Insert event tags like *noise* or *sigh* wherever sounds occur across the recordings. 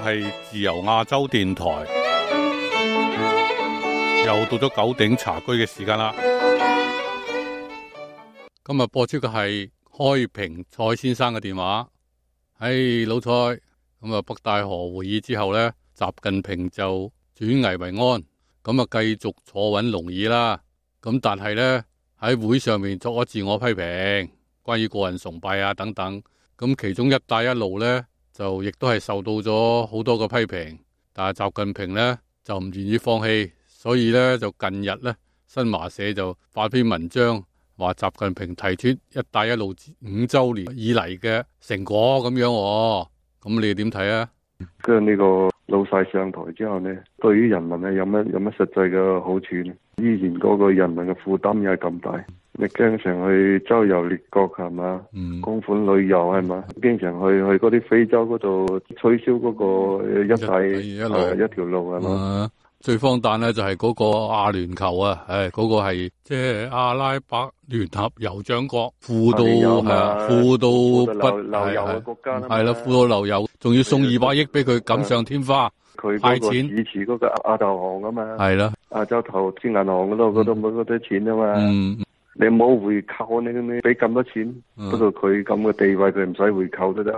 係自由亞洲電台，嗯、又到咗九鼎茶居嘅時間啦。今日播出嘅係開平蔡先生嘅電話。唉、哎，老蔡，咁啊，北戴河會議之後呢，習近平就轉危為安，咁啊，繼續坐穩龍椅啦。咁但係呢，喺會上面作咗自我批評，關於個人崇拜啊等等。咁其中一帶一路呢。就亦都係受到咗好多嘅批評，但係習近平咧，就唔願意放棄，所以咧，就近日咧，新華社就發篇文章，話習近平提出一帶一路五周年以嚟嘅成果咁樣，咁、哦哦嗯、你點睇啊？跟住呢個老細上台之後咧，對於人民咧有乜有乜實際嘅好處呢？依然嗰個人民嘅負擔又係咁大。你經常去周遊列國係嘛？公款旅遊係嘛？經常去去嗰啲非洲嗰度取消嗰個一帶一路一條路係嘛？最荒誕咧就係嗰個阿聯酋啊！誒，嗰個係即係阿拉伯聯合酋長國富到係啊，富到不流油嘅國家。係啦，富到流油，仲要送二百億俾佢錦上添花。佢派錢支持嗰個亞投行啊嘛。係啦，亞洲投資銀行嗰度嗰度冇嗰啲錢啊嘛。你冇回扣、啊，你你俾咁多錢，不過佢咁嘅地位，佢唔使回扣都得。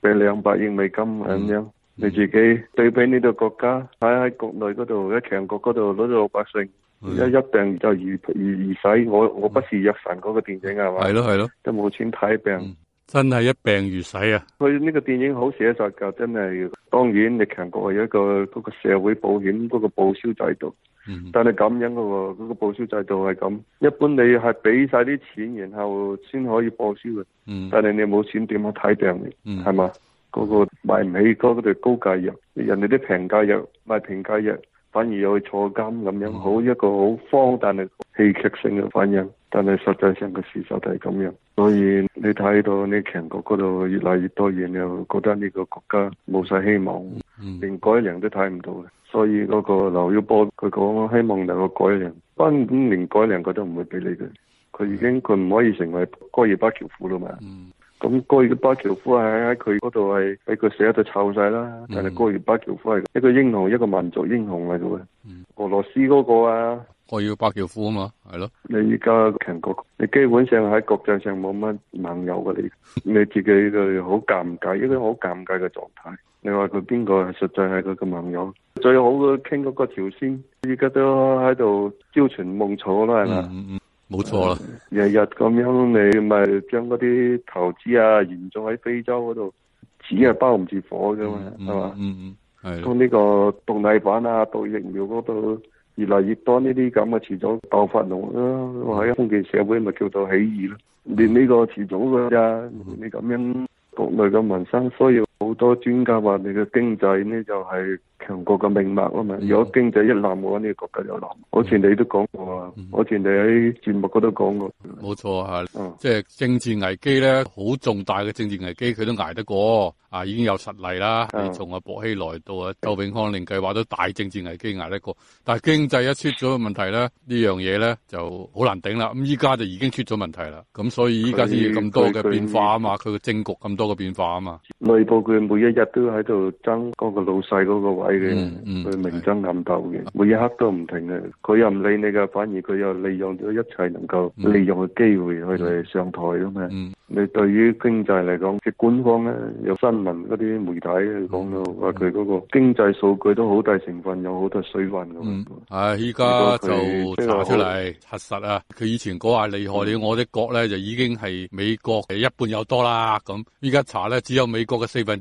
俾兩百億美金咁樣，嗯、你自己對比呢個國家，喺喺、嗯、國內嗰度，喺強國嗰度攞到老百姓一、嗯、一病就如如如洗，我我不是藥神嗰個電影係嘛？係咯係咯，吧都冇錢睇病，嗯、真係一病如洗啊！佢呢個電影好寫實噶，真係。當然，你強國係有一個嗰個社會保險嗰個報銷制度。Mm hmm. 但係咁樣噶、那、喎、個，嗰、那個報銷制度係咁，一般你係俾晒啲錢，然後先可以報銷嘅。Mm hmm. 但係你冇錢點去睇病嘅？係嘛、mm？嗰、hmm. 那個買唔起嗰嗰條高價藥，人哋啲平價藥買平價藥。反而又去坐監咁樣，好一個好荒誕嘅戲劇性嘅反應，但係實際上個事實就係咁樣。所以你睇到你強國嗰度越嚟越多嘢，你又覺得呢個國家冇晒希望，連改良都睇唔到嘅。所以嗰個劉曉波佢講，希望能夠改良，但係連改良佢都唔會俾你嘅。佢已經佢唔可以成為戈爾巴喬夫啦嘛。咁哥爾巴喬夫喺喺佢嗰度係俾佢寫到臭晒啦，但係哥爾巴喬夫係一個英雄，嗯、一個民族英雄嚟嘅。嗯、俄羅斯嗰個啊，哥爾巴喬夫啊嘛，係咯。你依家強國，你基本上喺國際上冇乜盟友嘅你，你自己就好尷尬，一個好尷尬嘅狀態。你話佢邊個係實際係佢嘅盟友？最好嘅傾嗰個朝鮮，依家都喺度朝秦暮楚啦，係咪？嗯嗯嗯冇錯啦，日日咁樣你咪將嗰啲投資啊，嚴重喺非洲嗰度，紙係包唔住火嘅嘛，係嘛？當呢個毒奶粉啊、毒疫苗嗰度越嚟越多呢啲咁嘅，遲早爆發濃啦、啊，喺、啊、封建社會咪叫做起義咯、啊。嗯、連呢個遲早噶咋，嗯、你咁樣國內嘅民生需要。好多專家話你嘅經濟呢就係強國嘅命脈啊嘛！是是嗯、如果經濟一攬我話，呢個國家就攬。我前地都講過啊，我前地喺節目嗰度講過，冇錯啊，嗯、即係政治危機咧，好重大嘅政治危機佢都捱得過啊，已經有實例啦。嗯、從阿薄熙來到啊，周永康令計劃都大政治危機捱得過，但係經濟一出咗問題咧，這個、呢樣嘢咧就好難頂啦。咁依家就已經出咗問題啦，咁所以依家先要咁多嘅變化啊嘛，佢嘅政局咁多嘅變化啊嘛，內部。佢每一日都喺度爭嗰個老細嗰個位嘅，佢、嗯嗯、明爭暗鬥嘅，的每一刻都唔停嘅，佢又唔理你嘅，反而佢又利用咗一切能夠利用嘅機會去嚟上台啊嘛！你對於經濟嚟講，即係官方咧有新聞嗰啲媒體講到話，佢嗰、嗯、個經濟數據都好大成分有好多水分咁。嗯，係依家就查出嚟，核我實啊！佢以前講話厲害了，嗯、你我啲國咧，就已經係美國嘅一半有多啦咁。依家查咧，只有美國嘅四分。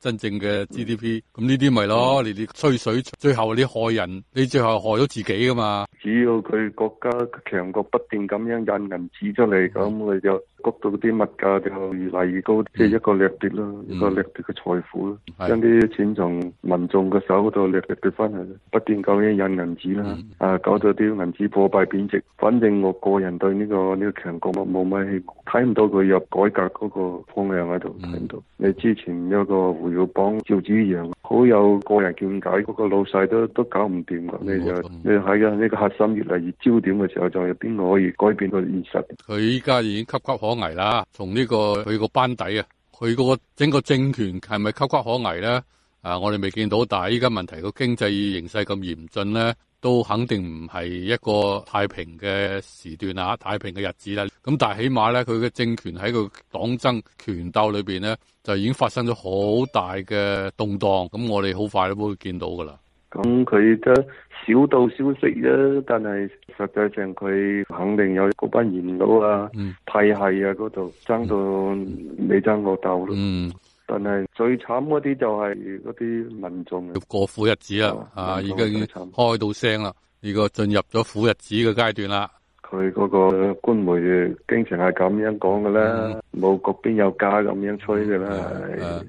真正嘅 GDP，咁呢啲咪咯，你哋吹水，最後你害人，你最後害咗自己噶嘛？只要佢國家強國不斷咁樣印銀紙出嚟，咁我就谷到啲物價就越嚟越高，即係一個掠奪咯，一個掠奪嘅財富咯，將啲錢從民眾嘅手度掠奪佢翻嚟，不斷咁樣印銀紙啦，啊，搞到啲銀紙破敗貶值。反正我個人對呢個呢個強國冇乜咩，睇唔到佢有改革嗰個方向喺度，睇到你之前有一個。要幫趙紫陽，好有個人見解，嗰、那個老細都都搞唔掂噶。嗯、你就你係啊，呢、這個核心越嚟越焦點嘅時候，就係邊個可以改變個現實？佢依家已經岌岌可危啦，從呢、這個佢個班底啊，佢嗰個整個政權係咪岌岌可危咧？啊！我哋未見到，但係依家問題個經濟形勢咁嚴峻咧，都肯定唔係一個太平嘅時段啊，太平嘅日子啦。咁但係起碼咧，佢嘅政權喺個黨爭權鬥裏邊咧，就已經發生咗好大嘅動盪。咁我哋好快都會見到噶啦。咁佢都少到消息啫，但係實際上佢肯定有嗰班元老啊、派系啊嗰度爭到未爭過鬥咯。嗯但係最慘嗰啲就係嗰啲民眾要過苦日子啦，啊，嗯、已經開到聲啦，呢個進入咗苦日子嘅階段啦。佢嗰個官媒經常係咁樣講嘅啦，冇國邊有家咁樣吹嘅啦。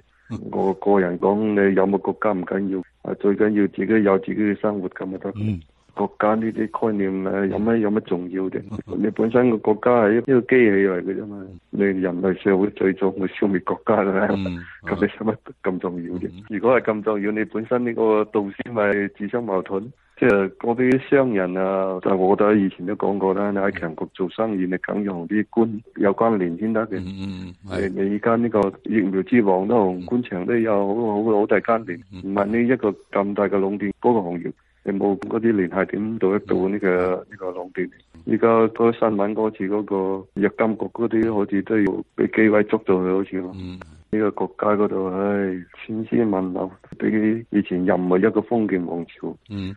我個人講，你有冇國家唔緊要，啊， *laughs* 最緊要自己有自己嘅生活咁就得。嗯國家呢啲概念啊，有乜有乜重要嘅？你本身個國家係一個機器嚟嘅啫嘛，你人類社會最終會消滅國家嘅，咁你使乜咁重要嘅？如果係咁重要，你本身呢個導師咪自相矛盾。即係嗰啲商人啊，就我覺得以前都講過啦，你喺強國做生意，你梗要同啲官有關聯先得嘅。嗯係、嗯、你而家呢個疫苗之王都同官場都有好好好大關聯，唔係呢一個咁大嘅壟斷嗰個行業。冇嗰啲聯繫點做得到呢個呢、呢個壟斷。依家嗰新聞，嗰次嗰個冶金局嗰啲，好似都要俾紀委捉咗佢，好似咯。呢、嗯、個國家嗰度，唉，千絲萬縷，比以前任何一個封建王朝，集、嗯、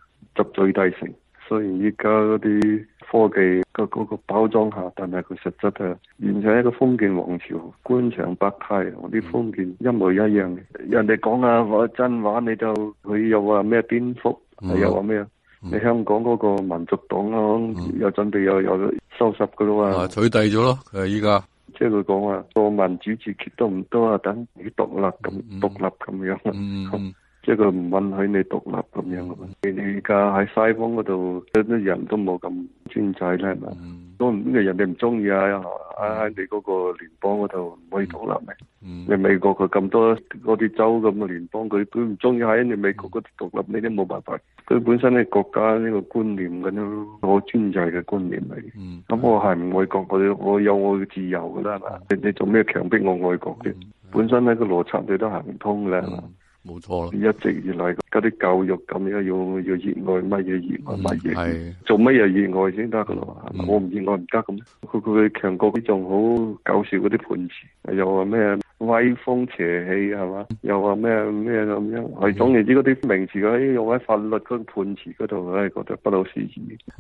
最低成。雖然依家嗰啲科技個嗰個包裝下，但係佢實質啊，完全一個封建王朝，官場百態，嗰啲封建一模一樣。人哋講啊，我真話，你就佢又話咩顛覆。你、mm hmm. 又話咩啊？你香港嗰個民族黨咯，mm hmm. 又準備又又收拾噶啦嘛？取締咗咯，誒依家，即係佢講話，做民主自決多唔多啊？等於獨立咁獨立咁、mm hmm. 這樣。 *laughs* 即係佢唔允許你獨立咁、嗯、樣嘅，你而家喺西方嗰度，啲人都冇咁專制咧，係嘛？當然呢人哋唔中意啊，喺你嗰個聯邦嗰度唔可以獨立咪？嗯、你美國佢咁多嗰啲州咁嘅聯邦，佢佢唔中意喺你美國嗰度獨立，你、嗯、都冇辦法。佢本身咧國家呢個觀念咁樣我專制嘅觀念嚟。咁、嗯、我係唔愛國，我我有我嘅自由噶啦，係嘛？你你做咩強迫我愛國嘅？嗯嗯、本身喺個邏輯你都行唔通嘅。冇錯啦，錯一直以嚟嗰啲教育咁樣要要熱愛乜嘢熱愛乜嘢，嗯、做乜嘢熱愛先得噶咯。我唔熱愛唔得咁，佢佢強國啲仲好搞笑嗰啲判詞，又話咩歪風邪氣係嘛，又話咩咩咁樣。總言之嗰啲名詞，用喺法律判詞嗰度，我係覺得不老士氣。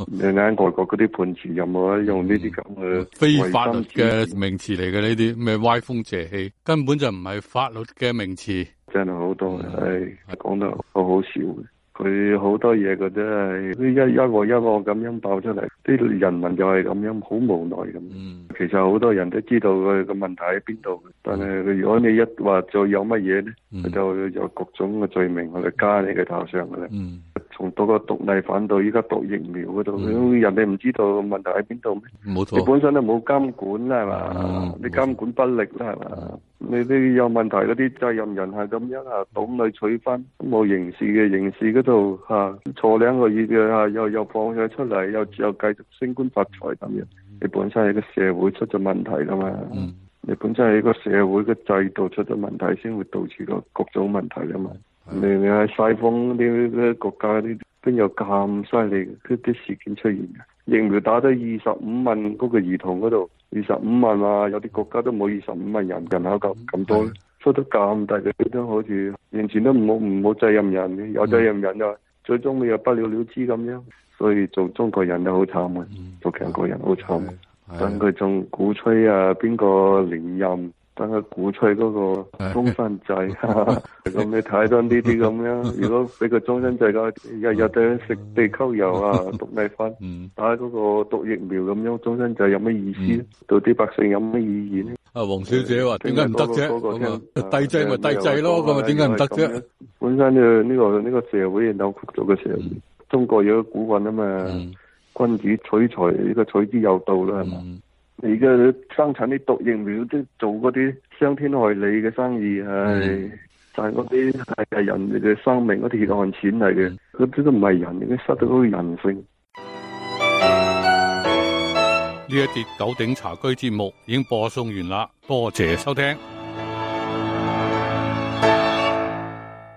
你啱、嗯、外國嗰啲判詞有冇用呢啲咁嘅？非法律嘅名詞嚟嘅呢啲咩歪風邪氣，根本就唔係法律嘅名詞。真係好多，係講得好好笑嘅。佢好多嘢，佢真係一一個一個咁樣爆出嚟，啲人民就係咁樣，好無奈咁。嗯、其實好多人都知道佢個問題喺邊度，但係如果你一話再有乜嘢咧，嗯、佢就有各種嘅罪名我哋加你嘅頭上噶啦。從、嗯、到個毒例反到依家毒疫苗嗰度，嗯、人哋唔知道個問題喺邊度咩？冇錯錯，你本身都冇監管啦係嘛，嗯、你監管不力啦係嘛。你啲有問題嗰啲責任人係咁樣啊，倒嚟取分，冇刑事嘅刑事嗰度嚇，坐兩個月嘅嚇、啊，又又放佢出嚟，又又繼續升官發財咁樣。你本身係個社會出咗問題㗎嘛，嗯、你本身係一個社會嘅制度出咗問題先會導致到各種問題㗎嘛。嗯、你你喺西方啲啲國家啲邊有咁犀利啲啲事件出現嘅？疫苗打得二十五萬嗰個兒童嗰度，二十五萬啊！有啲國家都冇二十五萬人、嗯、人口咁咁多，的出得咁大嘅都好似完全都冇冇責任人有責任人又、啊嗯、最終你又不了了之咁樣，所以做中國人都好慘嘅、啊，嗯、做強國人好慘。等佢仲鼓吹啊，邊個連任？等佢鼓吹嗰個終身制，咁你睇到呢啲咁樣，如果俾佢終身制個日日都食地溝油啊、毒奶粉、打嗰個毒疫苗咁樣，終身制有咩意思？對啲百姓有咩意義咧？啊，黃小姐話點解唔得啫？帝制咪帝制咯，咁咪點解唔得啫？本身嘅、這、呢個呢個社會係扭曲咗嘅社會，嗯、時候中國有個古訓啊嘛，嗯、君子取財呢、這個取之有道啦，係嘛、嗯？而家生產啲毒疫苗，都做嗰啲傷天害理嘅生意，唉的！就係嗰啲係人嘅生命嗰啲血汗錢嚟嘅，佢啲的都唔係人，佢失去好人性。呢一節九鼎茶居節目已經播送完啦，多謝收聽。